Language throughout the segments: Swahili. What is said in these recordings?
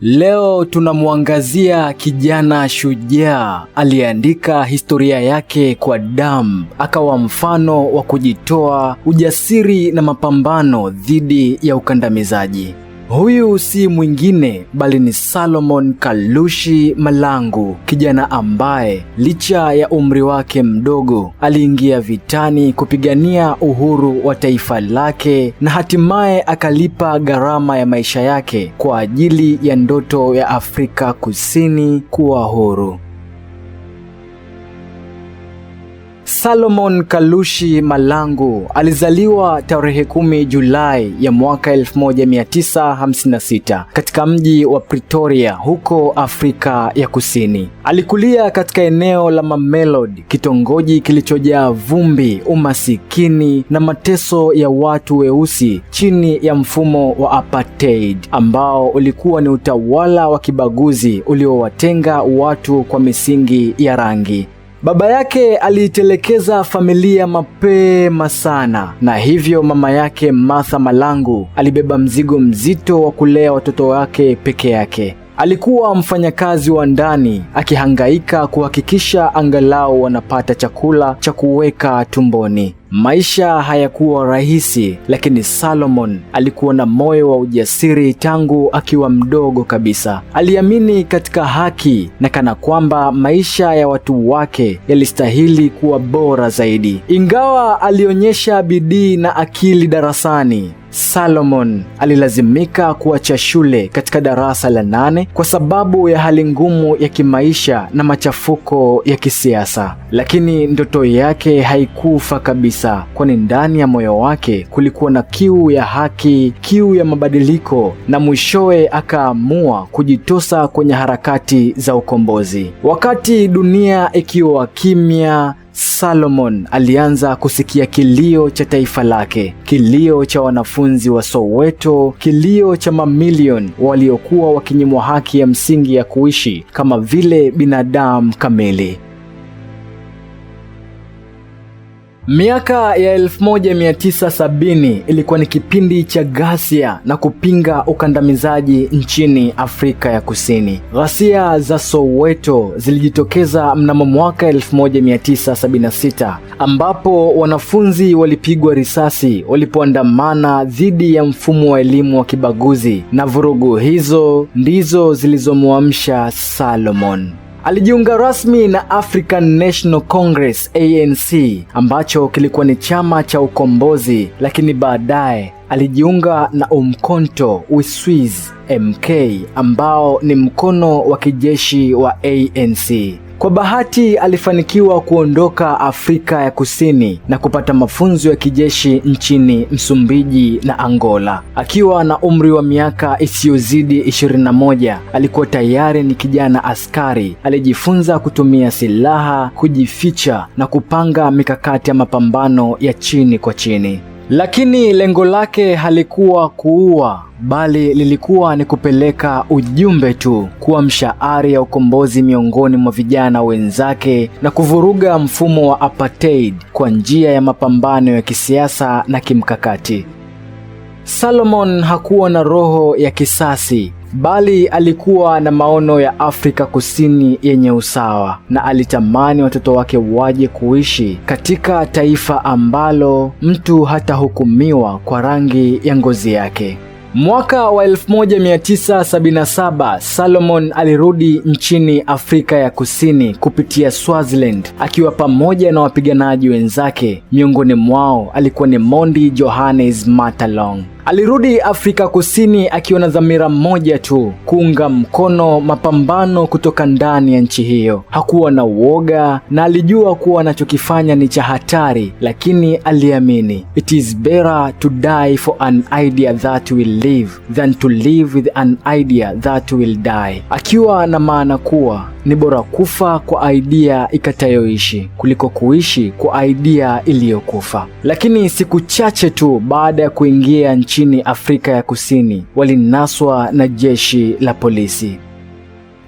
Leo tunamwangazia kijana shujaa aliyeandika historia yake kwa damu, akawa mfano wa kujitoa, ujasiri na mapambano dhidi ya ukandamizaji. Huyu si mwingine bali ni Salomon Kalushi Malangu, kijana ambaye licha ya umri wake mdogo aliingia vitani kupigania uhuru wa taifa lake na hatimaye akalipa gharama ya maisha yake kwa ajili ya ndoto ya Afrika Kusini kuwa huru. Salomon Kalushi Malangu alizaliwa tarehe kumi Julai ya mwaka 1956 katika mji wa Pretoria huko Afrika ya Kusini. Alikulia katika eneo la Mamelodi, kitongoji kilichojaa vumbi, umasikini na mateso ya watu weusi chini ya mfumo wa apartheid ambao ulikuwa ni utawala wa kibaguzi uliowatenga watu kwa misingi ya rangi. Baba yake aliitelekeza familia mapema sana, na hivyo mama yake Martha Malangu alibeba mzigo mzito wa kulea watoto wake peke yake. Alikuwa mfanyakazi wa ndani akihangaika kuhakikisha angalau wanapata chakula cha kuweka tumboni. Maisha hayakuwa rahisi, lakini Salomon alikuwa na moyo wa ujasiri tangu akiwa mdogo kabisa. Aliamini katika haki na kana kwamba maisha ya watu wake yalistahili kuwa bora zaidi. Ingawa alionyesha bidii na akili darasani, Salomon alilazimika kuacha shule katika darasa la nane kwa sababu ya hali ngumu ya kimaisha na machafuko ya kisiasa, lakini ndoto yake haikufa kabisa kabisa, kwani ndani ya moyo wake kulikuwa na kiu ya haki, kiu ya mabadiliko, na mwishowe akaamua kujitosa kwenye harakati za ukombozi. Wakati dunia ikiwa kimya, Salomon alianza kusikia kilio cha taifa lake, kilio cha wanafunzi wa Soweto, kilio cha mamilioni waliokuwa wakinyimwa haki ya msingi ya kuishi kama vile binadamu kamili. Miaka ya 1970 ilikuwa ni kipindi cha ghasia na kupinga ukandamizaji nchini Afrika ya Kusini. Ghasia za Soweto zilijitokeza mnamo mwaka 1976 ambapo wanafunzi walipigwa risasi walipoandamana dhidi ya mfumo wa elimu wa kibaguzi na vurugu hizo ndizo zilizomwamsha Solomon alijiunga rasmi na African National Congress ANC, ambacho kilikuwa ni chama cha ukombozi, lakini baadaye alijiunga na Umkhonto we Sizwe MK ambao ni mkono wa kijeshi wa ANC. Kwa bahati alifanikiwa kuondoka Afrika ya Kusini na kupata mafunzo ya kijeshi nchini Msumbiji na Angola. Akiwa na umri wa miaka isiyozidi 21, alikuwa tayari ni kijana askari. Alijifunza kutumia silaha, kujificha na kupanga mikakati ya mapambano ya chini kwa chini. Lakini lengo lake halikuwa kuua, bali lilikuwa ni kupeleka ujumbe tu, kuamsha ari ya ukombozi miongoni mwa vijana wenzake na kuvuruga mfumo wa apartheid kwa njia ya mapambano ya kisiasa na kimkakati. Solomon hakuwa na roho ya kisasi, bali alikuwa na maono ya Afrika Kusini yenye usawa na alitamani watoto wake waje kuishi katika taifa ambalo mtu hatahukumiwa kwa rangi ya ngozi yake. Mwaka wa 1977 Salomon alirudi nchini Afrika ya Kusini kupitia Swaziland akiwa pamoja na wapiganaji wenzake. Miongoni mwao alikuwa ni Mondi Johannes Matalong. Alirudi Afrika Kusini akiwa na dhamira moja tu, kuunga mkono mapambano kutoka ndani ya nchi hiyo. Hakuwa na uoga na alijua kuwa anachokifanya ni cha hatari, lakini aliamini, it is better to die for an idea that will live than to live with an idea that will die, akiwa na maana kuwa ni bora kufa kwa aidia ikatayoishi kuliko kuishi kwa aidia iliyokufa. Lakini siku chache tu baada ya kuingia nchini Afrika ya Kusini, walinaswa na jeshi la polisi.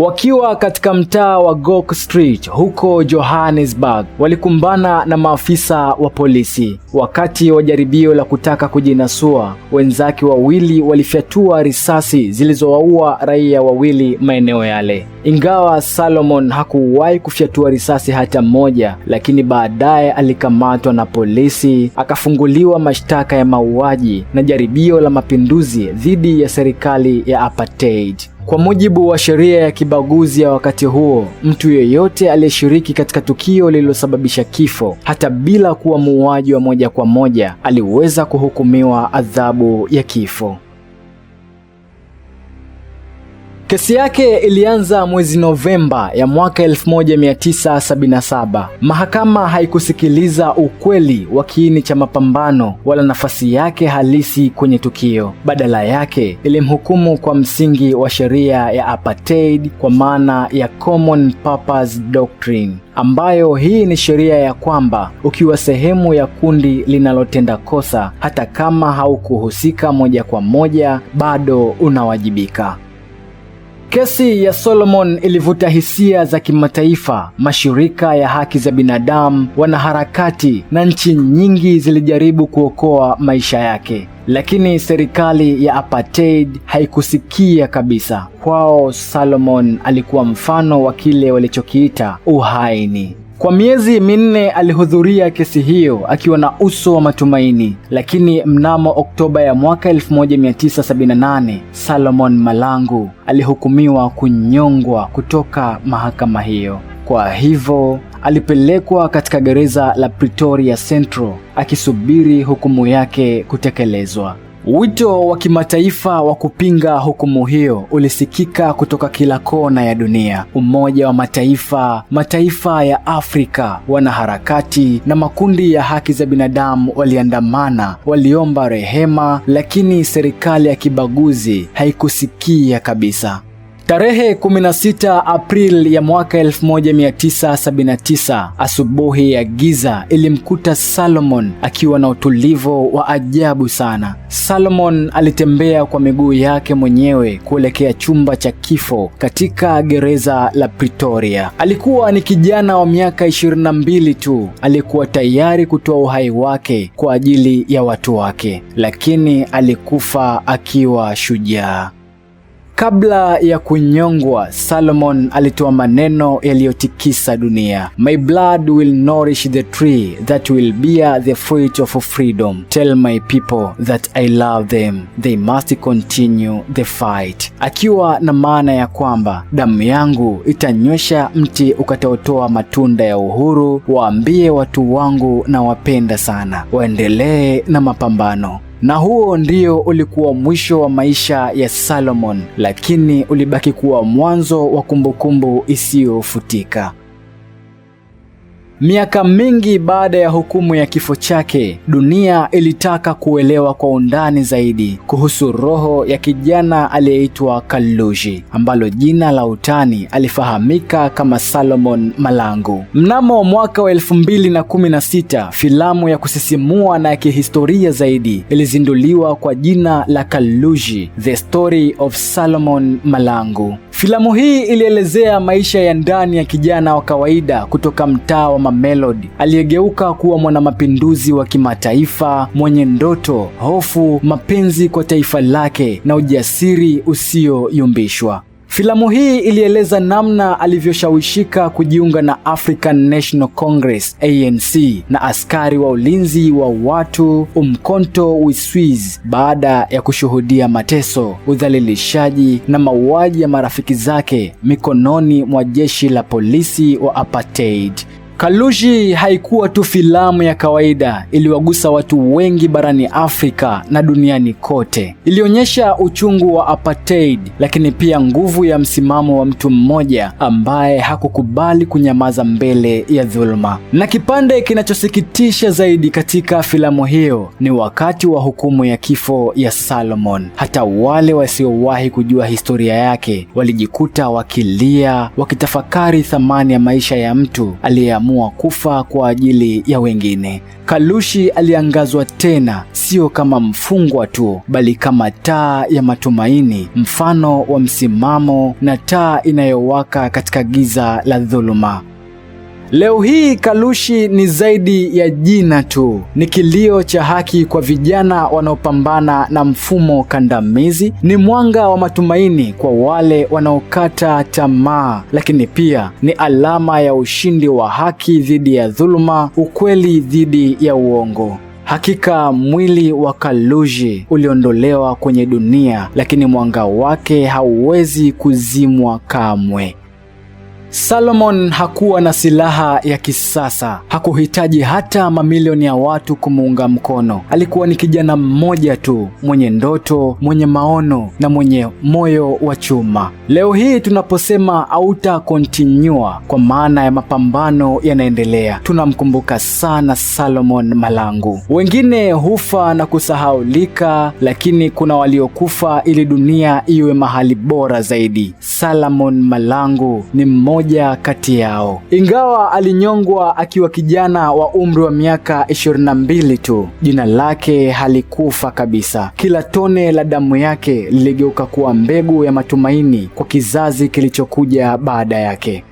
Wakiwa katika mtaa wa Gok Street huko Johannesburg, walikumbana na maafisa wa polisi wakati wa jaribio la kutaka kujinasua. Wenzake wawili walifyatua risasi zilizowaua raia wawili maeneo yale. Ingawa Salomon hakuwahi kufyatua risasi hata moja, lakini baadaye alikamatwa na polisi akafunguliwa mashtaka ya mauaji na jaribio la mapinduzi dhidi ya serikali ya apartheid. Kwa mujibu wa sheria ya kibaguzi ya wakati huo, mtu yeyote aliyeshiriki katika tukio lililosababisha kifo, hata bila kuwa muuaji wa moja kwa moja, aliweza kuhukumiwa adhabu ya kifo. Kesi yake ilianza mwezi Novemba ya mwaka 1977. Mahakama haikusikiliza ukweli wa kiini cha mapambano wala nafasi yake halisi kwenye tukio. Badala yake, ilimhukumu kwa msingi wa sheria ya apartheid kwa maana ya Common Purpose Doctrine ambayo hii ni sheria ya kwamba ukiwa sehemu ya kundi linalotenda kosa, hata kama haukuhusika moja kwa moja, bado unawajibika. Kesi ya Solomon ilivuta hisia za kimataifa. Mashirika ya haki za binadamu, wanaharakati na nchi nyingi zilijaribu kuokoa maisha yake, lakini serikali ya apartheid haikusikia kabisa. Kwao Solomon alikuwa mfano wa kile walichokiita uhaini. Kwa miezi minne alihudhuria kesi hiyo akiwa na uso wa matumaini, lakini mnamo Oktoba ya mwaka 1978 Salomon Malangu alihukumiwa kunyongwa kutoka mahakama hiyo. Kwa hivyo alipelekwa katika gereza la Pretoria Central akisubiri hukumu yake kutekelezwa. Wito wa kimataifa wa kupinga hukumu hiyo ulisikika kutoka kila kona ya dunia. Umoja wa Mataifa, mataifa ya Afrika, wanaharakati na makundi ya haki za binadamu waliandamana, waliomba rehema, lakini serikali ya kibaguzi haikusikia kabisa. Tarehe 16 April ya mwaka 1979, asubuhi ya giza ilimkuta Salomon akiwa na utulivu wa ajabu sana. Solomon alitembea kwa miguu yake mwenyewe kuelekea chumba cha kifo katika gereza la Pretoria. Alikuwa ni kijana wa miaka 22 tu, alikuwa tayari kutoa uhai wake kwa ajili ya watu wake, lakini alikufa akiwa shujaa. Kabla ya kunyongwa, Solomon alitoa maneno yaliyotikisa dunia. My blood will nourish the tree that will bear the fruit of freedom. Tell my people that I love them. They must continue the fight. Akiwa na maana ya kwamba damu yangu itanywesha mti ukataotoa matunda ya uhuru. Waambie watu wangu na wapenda sana. Waendelee na mapambano. Na huo ndio ulikuwa mwisho wa maisha ya Solomon, lakini ulibaki kuwa mwanzo wa kumbukumbu isiyofutika. Miaka mingi baada ya hukumu ya kifo chake, dunia ilitaka kuelewa kwa undani zaidi kuhusu roho ya kijana aliyeitwa Kaluji, ambalo jina la utani alifahamika kama Solomon Malangu. Mnamo mwaka wa 2016, filamu ya kusisimua na ya kihistoria zaidi ilizinduliwa kwa jina la Kaluji, The Story of Solomon Malangu. Filamu hii ilielezea maisha ya ndani ya kijana wa kawaida kutoka mtaa wa kama Melody aliyegeuka kuwa mwanamapinduzi wa kimataifa mwenye ndoto, hofu, mapenzi kwa taifa lake na ujasiri usiyoyumbishwa. Filamu hii ilieleza namna alivyoshawishika kujiunga na African National Congress ANC na askari wa ulinzi wa watu Umkhonto we Sizwe baada ya kushuhudia mateso, udhalilishaji na mauaji ya marafiki zake mikononi mwa jeshi la polisi wa apartheid. Kalushi haikuwa tu filamu ya kawaida, iliwagusa watu wengi barani Afrika na duniani kote. Ilionyesha uchungu wa apartheid, lakini pia nguvu ya msimamo wa mtu mmoja ambaye hakukubali kunyamaza mbele ya dhuluma. Na kipande kinachosikitisha zaidi katika filamu hiyo ni wakati wa hukumu ya kifo ya Solomon. Hata wale wasiowahi kujua historia yake walijikuta wakilia, wakitafakari thamani ya maisha ya mtu aliyeamua aliamua kufa kwa ajili ya wengine. Kalushi aliangazwa tena, sio kama mfungwa tu, bali kama taa ya matumaini, mfano wa msimamo na taa inayowaka katika giza la dhuluma. Leo hii Kalushi ni zaidi ya jina tu, ni kilio cha haki kwa vijana wanaopambana na mfumo kandamizi, ni mwanga wa matumaini kwa wale wanaokata tamaa, lakini pia ni alama ya ushindi wa haki dhidi ya dhuluma, ukweli dhidi ya uongo. Hakika mwili wa Kalushi uliondolewa kwenye dunia, lakini mwanga wake hauwezi kuzimwa kamwe. Solomon hakuwa na silaha ya kisasa, hakuhitaji hata mamilioni ya watu kumuunga mkono. Alikuwa ni kijana mmoja tu mwenye ndoto, mwenye maono na mwenye moyo wa chuma. Leo hii tunaposema auta continue, kwa maana ya mapambano yanaendelea, tunamkumbuka sana Solomon Malangu. Wengine hufa na kusahaulika, lakini kuna waliokufa ili dunia iwe mahali bora zaidi. Solomon Malangu ni mmoja mmoja kati yao. Ingawa alinyongwa akiwa kijana wa umri wa miaka 22 tu, jina lake halikufa kabisa. Kila tone la damu yake liligeuka kuwa mbegu ya matumaini kwa kizazi kilichokuja baada yake.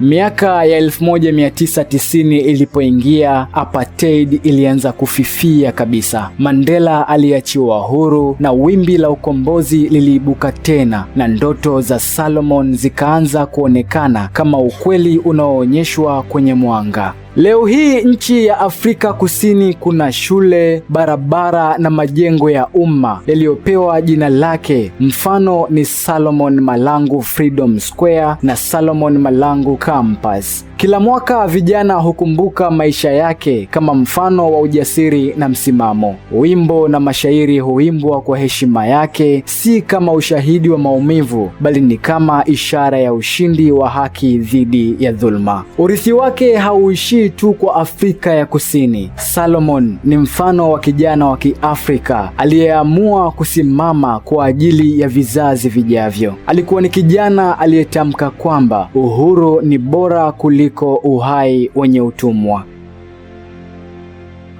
Miaka ya 1990 ilipoingia, apartheid ilianza kufifia kabisa. Mandela aliachiwa huru na wimbi la ukombozi liliibuka tena, na ndoto za Solomon zikaanza kuonekana kama ukweli unaoonyeshwa kwenye mwanga. Leo hii nchi ya Afrika Kusini kuna shule, barabara na majengo ya umma yaliyopewa jina lake. Mfano ni Solomon Malangu Freedom Square na Solomon Malangu Campus. Kila mwaka vijana hukumbuka maisha yake kama mfano wa ujasiri na msimamo. Wimbo na mashairi huimbwa kwa heshima yake, si kama ushahidi wa maumivu, bali ni kama ishara ya ushindi wa haki dhidi ya dhuluma. Urithi wake hauishii tu kwa Afrika ya Kusini. Salomon ni mfano wa kijana wa Kiafrika aliyeamua kusimama kwa ajili ya vizazi vijavyo. Alikuwa ni kijana aliyetamka kwamba uhuru ni bora kuliko uhai wenye utumwa.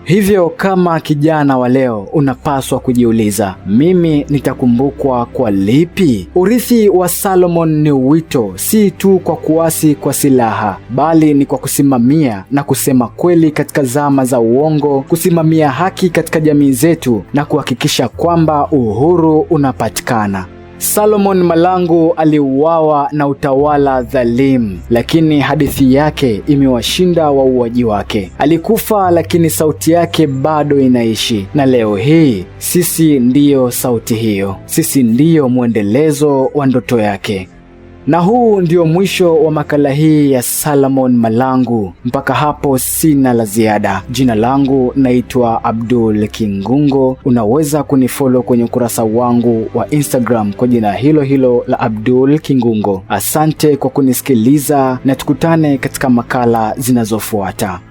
Hivyo kama kijana wa leo unapaswa kujiuliza, mimi nitakumbukwa kwa lipi? Urithi wa Solomon ni wito, si tu kwa kuasi kwa silaha, bali ni kwa kusimamia na kusema kweli katika zama za uongo, kusimamia haki katika jamii zetu na kuhakikisha kwamba uhuru unapatikana. Solomon Malangu aliuawa na utawala dhalimu, lakini hadithi yake imewashinda wauaji wake. Alikufa, lakini sauti yake bado inaishi, na leo hii sisi ndiyo sauti hiyo, sisi ndiyo mwendelezo wa ndoto yake. Na huu ndio mwisho wa makala hii ya Salamon Malangu. Mpaka hapo sina la ziada. Jina langu naitwa Abdul Kingungo. Unaweza kunifollow kwenye ukurasa wangu wa Instagram kwa jina hilo hilo la Abdul Kingungo. Asante kwa kunisikiliza na tukutane katika makala zinazofuata.